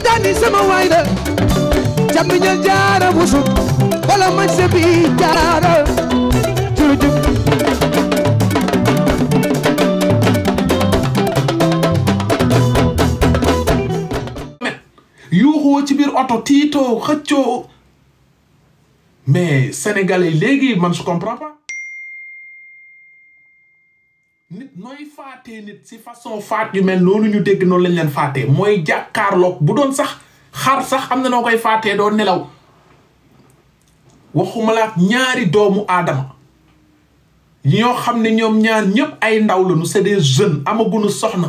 tijaani sama waay la jamiñal jaara busu wala man sebi jaara jurujub ci biir oto tiitoo xëccoo mais sénégalais léegi man je comprends pas nit nooy faatee nit si façon faat yu mel noonu ñu dégg noonu lañ leen faatee mooy jàkkaarlook bu doon sax xar sax am na noo koy faatee doo nelaw waxumalaat ñaari doomu aadama ñoo xam ne ñoom ñaar ñëpp ay ndaw lañu c'est des jeunes amaguñu soxna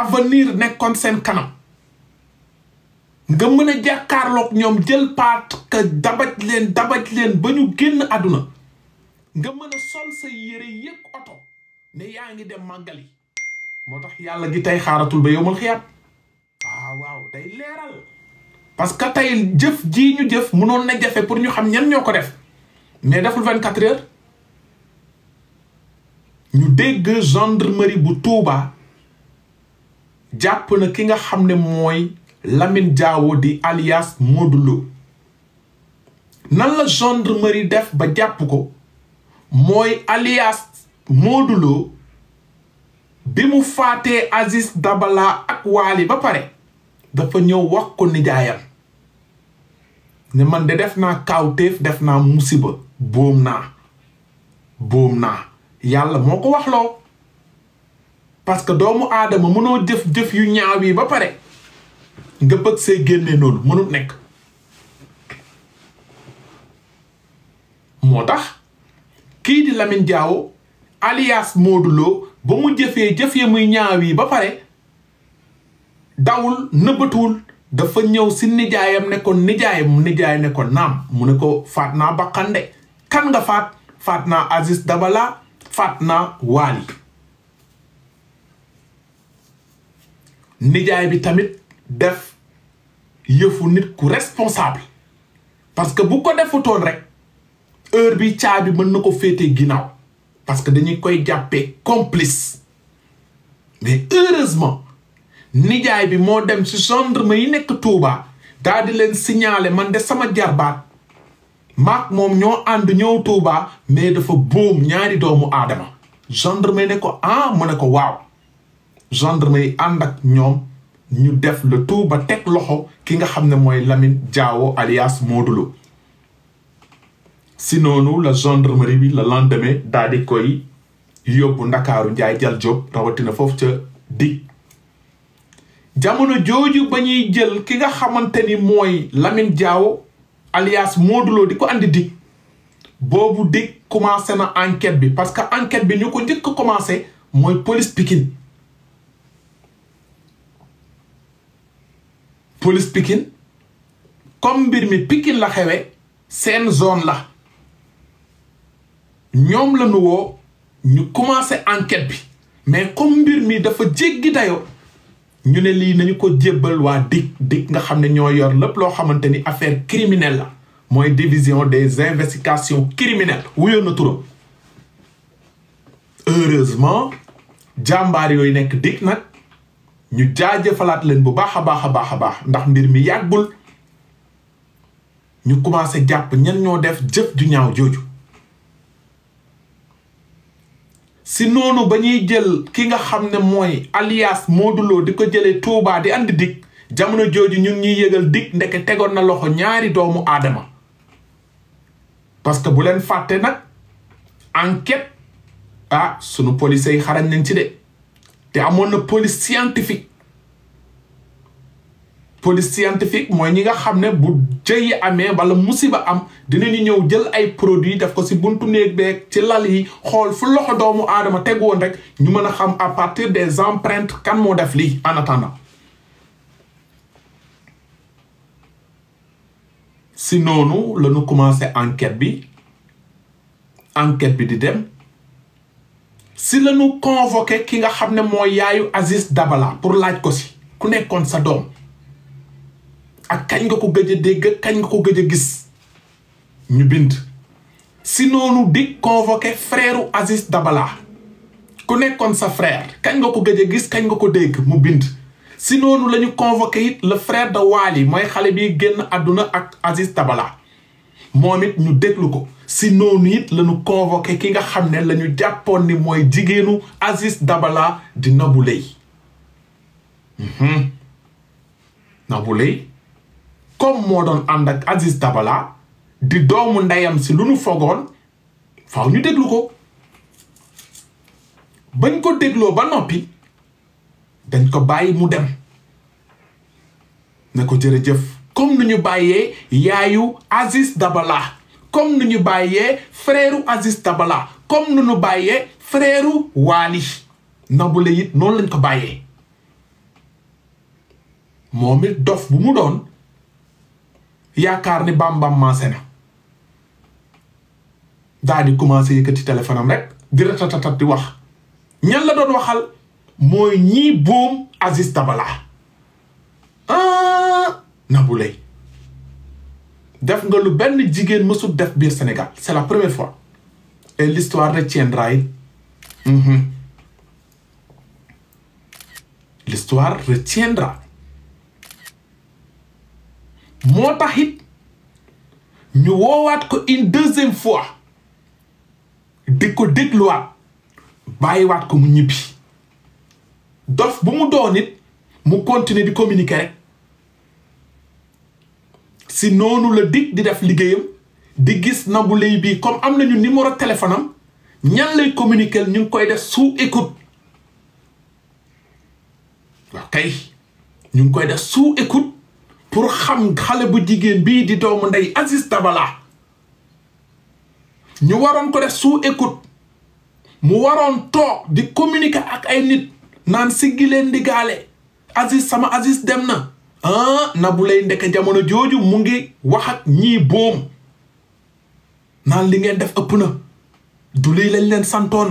avenir nekkoon seen kanam nga mën a jàkkaarloog ñoom jël paat ka dabaj leen dabaj leen ba ñu génn àdduna nga mën a sol sa yére yëg oto ne yaa ngi dem màggali moo tax yàlla gi tey xaaratul ba yowmal xiyaat waaw waaw day leeral parce que tey jëf ji ñu jëf mënoon na jafe pour ñu xam ñan ñoo ko def mais deful vingt quatre heures ñu dégg gendarmerie bu Touba jàpp na ki nga xam ne mooy Lamine Diawo di alias Modou nan la gendarmerie def ba jàpp ko mooy alias Modou Lo bi mu faatee Aziz Dabala ak Waly ba pare dafa ñëw wax ko nijaayam ne man de def naa kawteef def naa musiba boom naa boom naa yàlla moo ko waxloo parce que doomu aadama mënoo jëf-jëf yu ñaaw yi ba pare nga bëgg see génne noonu mënut nekk moo tax kii di Lamine Diawo alias Modou Lo ba mu jëfee jëfee muy ñaaw yi ba pare dawul nëbbatuwul dafa ñëw si nijaayam ne ko nijaayam nijaay ne ko naam mu ne ko faat naa Bakande kan nga faat faat naa Aziz Dabala faat naa Waali nijaay bi tamit def yëfu nit ku responsable parce que bu ko defutoon rek heure bi caabi mën na ko féetee ginnaaw parce que dañu koy jàppee complice mais heureusement nijaay bi moo dem si gendarme yi nekk Touba daa di leen signaler man de sama jarbaat maak moom ñoo ànd ñëw Touba mais dafa boom ñaari doomu aadama gendarme yi ne ko ah mu ne ko waaw gendarme yi ànd ak ñoom ñu def le tout ba teg loxo ki nga xam ne mooy lamin Diawo alias Modou Lo si noonu la gendarmerie bi le lendemain daal di koy yóbbu ndakaaru njaay jal Diop rawatina foofu ca dig jamono jooju ba ñuy jël ki nga xamante ni mooy lamin jaaw alias Modou Lo di ko andi dig boobu dig commencé na enquête bi parce que enquête bi ñu ko njëkk commencé mooy police Pikine police Pikine comme mbir mi pikin la xewe seen zone la ñoom la ñu woo ñu commencé enquête bi mais comme mbir mi dafa jéggi dayoo ñu ne lii nañu ko jébbal waa DIC dikk nga xam ne ñoo yor lépp loo xamante ni affaire criminelle la mooy division des investigations criminelles wuyoon na turam heureusement jàmbaar yooyu nekk DIC nag ñu jaajëfalaat leen bu baax a baax a baax a baax ndax mbir mi yàggul ñu commencé jàpp ñan ñoo def jëf ju ñaaw jooju si noonu ba ñuy jël ki nga xam ne mooy alias Modou Lo di ko jëlee Touba di andi dik jamono jooju ñun ngi ñuy yëgal dik ndeke tegoon na loxo ñaari doomu aadama parce que bu leen fàtte nag enquête ah sunu police yi xarañ nañ ci de te amoon na police scientifique police scientifique mooy ñi nga xam ne bu jëyi amee wala musiba am dinañu ñëw jël ay produits def ko si buntu néeg beeg ci lal yi xool fu loxo doomu aadama teg woon rek ñu mën a xam à partir des empreintes kan moo def lii en attendant si noonu la ñu commencé enquête bi enquête bi di dem si lanu ñu ki nga xam ne mooy yaayu Aziz Dabala pour laaj ko si ku nekkoon sa doom ak kañ nga ko gëj a dégg kañ nga ko gëj a gis ñu bind si noonu di convoqué frère Aziz Dabala ku nekkoon sa frère kañ nga ko gëj a gis kañ nga ko dégg mu bind si noonu lañu ñu convoqué it le frère de Wali mooy xale bi génn àdduna ak Aziz Dabala moom it ñu déglu ko si noonu it lañu ñu ki nga xam ne lañu jàppoon ni mooy jigéenu Aziz Dabala di Nabou Leye mhm. comme moo doon ànd ak Aziz Dabala di doomu ndeyam si lu nu foogoon faw ñu déglu ko bañ ko dégloo ba noppi dañ ko bàyyi mu dem na ko jërëjëf comme nu ñu bàyyee yaayu Aziz Dabala comme nu ñu bàyyee frère Aziz Dabala comme nu ñu bàyyee frère Waly Nabou Leye it noonu lañ ko bàyyee moom dof bu mu doon yaakaar ni bambam maase na daa di commencé yëkkati téléphone am rek di ratatatat di wax ñan la doon waxal mooy ñii boom Aziz Dabala ah Nabou Leye def nga lu benn jigéen mësul def biir Sénégal c'est la première fois et l'histoire retiendra it mm-hmm. l'histoire retiendra moo tax it ñu woowaat ko une deuxième fois di ko dégluwaat bàyyiwaat ko mu ñibbi dof bu mu doon it mu continuer di communiquer rek si noonu la dig di def liggéeyam di gis Nabou Leye bii comme am nañu numéro téléphone am ñan lay communiquer ñu ngi koy def suu écoute waaw kay ñu ngi koy def sous écoute pour xam xale bu jigéen bii di doomu ndey Aziz Dabala ñu waroon ko def sous écoute mu waroon too di communiquer ak ay nit naan siggi leen di gaale Aziz sama Aziz dem na ah Nabou Leye ndeke jamono jooju mu ngi wax ak ñii boom naan li ngeen def ëpp na du li lañ leen santoon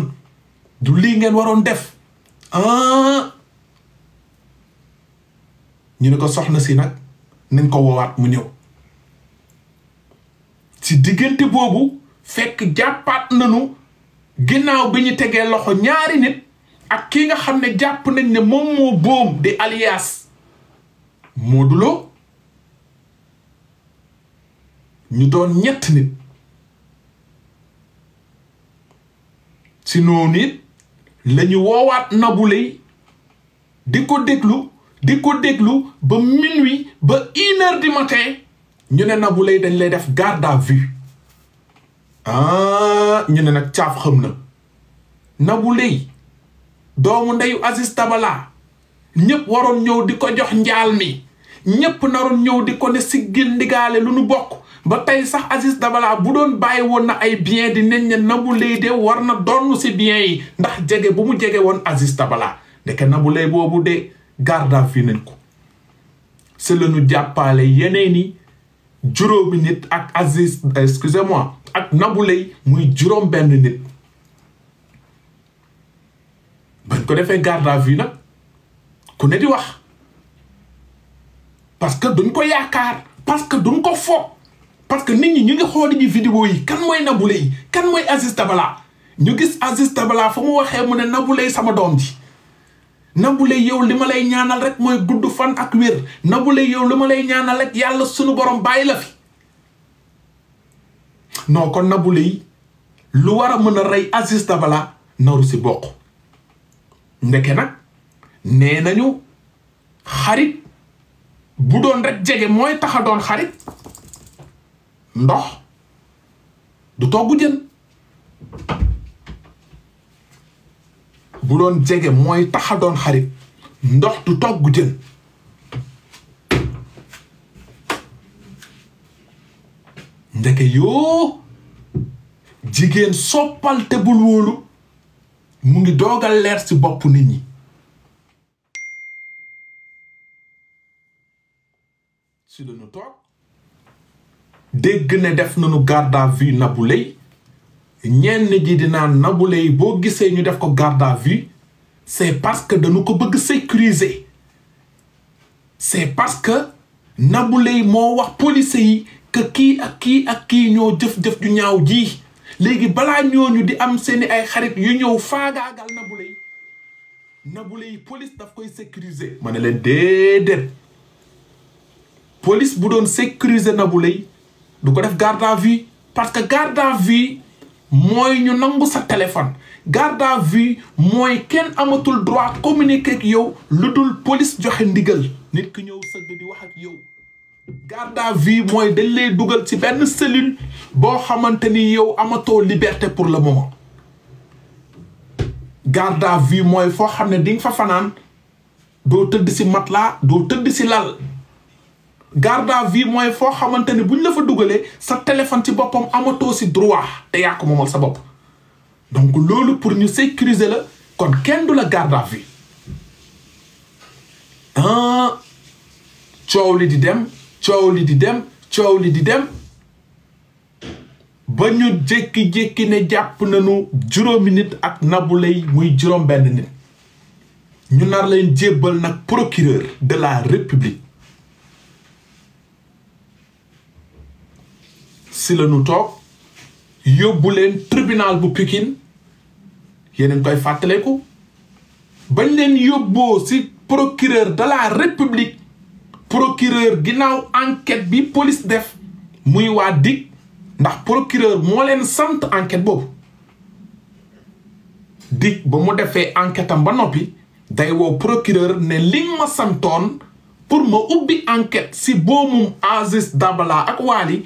du lii ngeen waroon def ah ñu ne ko soxna si nag nañ ko woowaat mu ñëw ci diggante boobu fekk jàppaat nañu ginnaaw bi ñu tegee loxo ñaari nit ak ki nga xam ne jàpp nañ ne moom moo boom di alias Modou Lo ñu doon ñett nit si noonu it la ñu woowaat Nabou Leye di ko déglu di ko déglu ba wi ba une heure du ñu ne Nabou Leye dañ lay def garde à vue ah ñu ne nag caaf xam na Nabou doomu ndeyu Aziz Dabala ñëpp waroon ñëw di ko jox njaal mi ñëpp naroon ñëw di ko ne siggil ndigaale lu nu bokk ba tey sax Aziz Dabala bu doon bàyyi woon na ay bien di neñ ne Nabou Leye de war na donn si bien yi ndax jege bu mu jege woon Aziz Dabala ndeke Nabou Leye boobu de garda fii nañ ko si la jàppale yeneen i juróomi nit ak Aziz excusez-moi ak Naboulaye muy juróom benn nit bañ ko defee garde à vue nag ku ne di wax parce que duñ ko yaakaar parce que duñ ko foog parce que nit ñi ñu ngi xooli ji vidéo yi kan mooy Naboulaye kan mooy Aziz Dabala ñu gis Aziz Dabala fu mu waxee mu ne Naboulaye sama doom ji nabule yow li ma lay ñaanal rek mooy gudd fan ak wér nabule yow li ma lay ñaanal rek yàlla sunu borom bàyyi la fi non kon nabule yi lu war a mën a rey Aziz Dabala naru si boq ndeke nag nee nañu xarit bu doon rek jege mooy taxa doon xarit ndox du toggu jën bu doon jege mooy taxa doon xarit ndox du togg jën ndeke yoo jigéen soppal te bul wóolu mu ngi doogal leer ci bopp nit ñi si lañu toog dégg ne def nanu garde à vue Nabou Leye ñenn ji dinaa Nabou Leye boo gisee ñu def ko garde à vue c'est parce que dañu ko bëgg sécuriser c'est parce que Nabou moo wax police yi que kii ak kii ak kii ñoo jëf-jëf ju ñaaw ji léegi balaa ñu di am seeni ay xarit yu ñëw faagaagal Nabou Leye Nabou Leye police daf koy sécuriser ma ne leen déedéet police bu doon sécuriser Nabou Leye du ko def garde à vue parce que garde à vue mooy ñu nangu sa téléphone garde à vue mooy kenn amatul droit communiquer ak yow lu dul police joxe ndigal nit ki ñëw sëgg di wax ak yow garde à vue mooy dañ lay dugal ci benn cellule boo xamante ni yow amatoo liberté pour la moment garde à vue mooy foo xam ne di fa fanaan doo tëdd ci matelas doo tëdd ci lal garde à vue mooy foo xamante ne bu ñu la fa dugalee sa téléphone ci boppam amatoo si droit te yàqu ko moomal sa bopp donc loolu pour ñu sécuriser la kon kenn du la garde à vue ah coow li di dem coow li di dem coow li di dem ba ñu jékki-jékki ne jàpp nañu juróomi nit ak Nabou lay muy juróom benn nit ñu nar leen jébbal nag procureur de la république si la ñu toog yóbbu leen tribunal bu Pikine yéen a ngi koy fàttaleku bañ leen yóbboo si procureur de la république procureur ginnaaw enquête bi police def muy waa DIC ndax procureur moo leen sant enquête boobu DIC ba mu defee enquête am ba noppi day woo procureur ne li ma santoon pour ma ubbi enquête si boomum Aziz Dabala ak Waly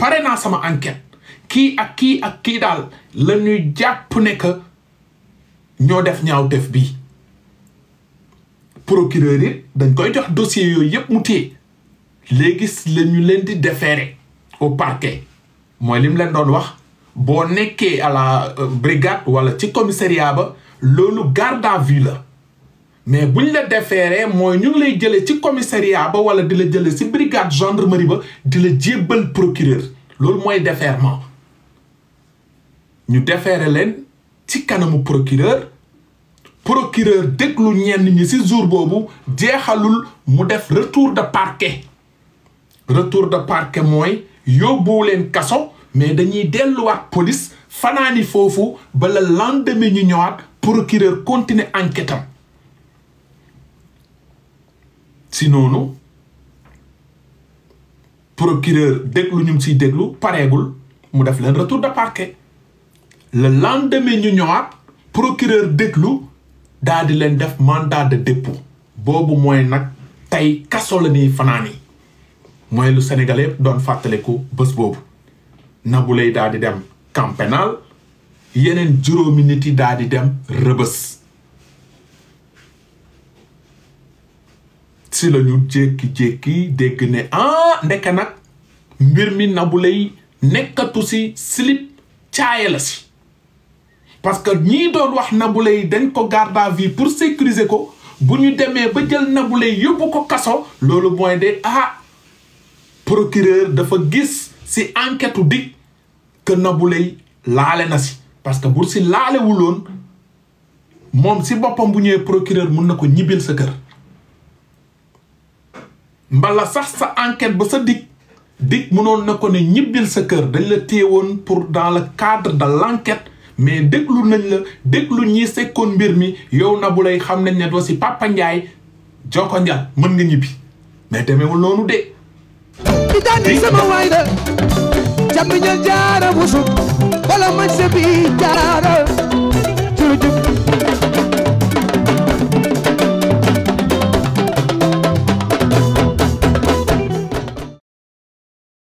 pare naa sama enquête kii ak kii ak kii daal la ñuy jàpp ne que ñoo def ñaaw def bii procureur yi dañ koy jox dossier yooyu yëpp mu téye léegi lañu leen di déférer au parquet mooy li leen doon wax boo nekkee à la euh, brigade wala ci commissariat ba loolu garde à vue la mais buñ la defeeree mooy ñu ngi lay jëlee ci commissariat ba wala di la jëlee ci brigade gendarmerie ba di la jébbal procureur loolu mooy défèrement ñu defeere leen ci kanamu procureur procureur déglu ñenn ñi ci jour boobu jeexalul mu def retour de parquet retour de parquet mooy yóbbuwu leen kaso mais dañuy delluwaat police fanaani foofu ba la lendemain ñu ñëwaat procureur continuer enquête am si noonu procureur déglu ñu siy déglu pareegul mu def leen retour de la le lendemain ñu ñëwaat procureur déglu daal di leen def mandat de dépôt boobu mooy nag tey kaso la ñuy fanaan yi mooy lu sénégalais yëpp doon fàttaliku bés boobu Nabou Leye daal di dem camp yeneen juróomi nit yi daal di dem rëbës si la ñu jékki-jékki dégg ne ah ndeke nag mbir mi nabulay nekkatu si slip caaya la si parce que ñii doon wax Nabou Leye dañ ko garde à vue pour sécuriser ko bu ñu demee ba jël Nabou Leye yóbbu ko kaso loolu mooy de ah procureur dafa gis si enquête u dig que Nabou laale na si parce que bu si laalewuloon moom si boppam bu ñëwee procureur mun na ko ñibbil sa kër mbala sax sa enquête ba sa dig dig mënoon na ko ne ñibbil sa kër dañ la téewoon pour dans le cadre da l' mais déglu nañ la déglu ñi sekkoon mbir mi yow na bu lay xam ne doo si Papa Ndiaye mën nga ñibbi mais demeewul noonu de. di daandi sama waay da jàmm ñal jaara busub wala sa bi jaara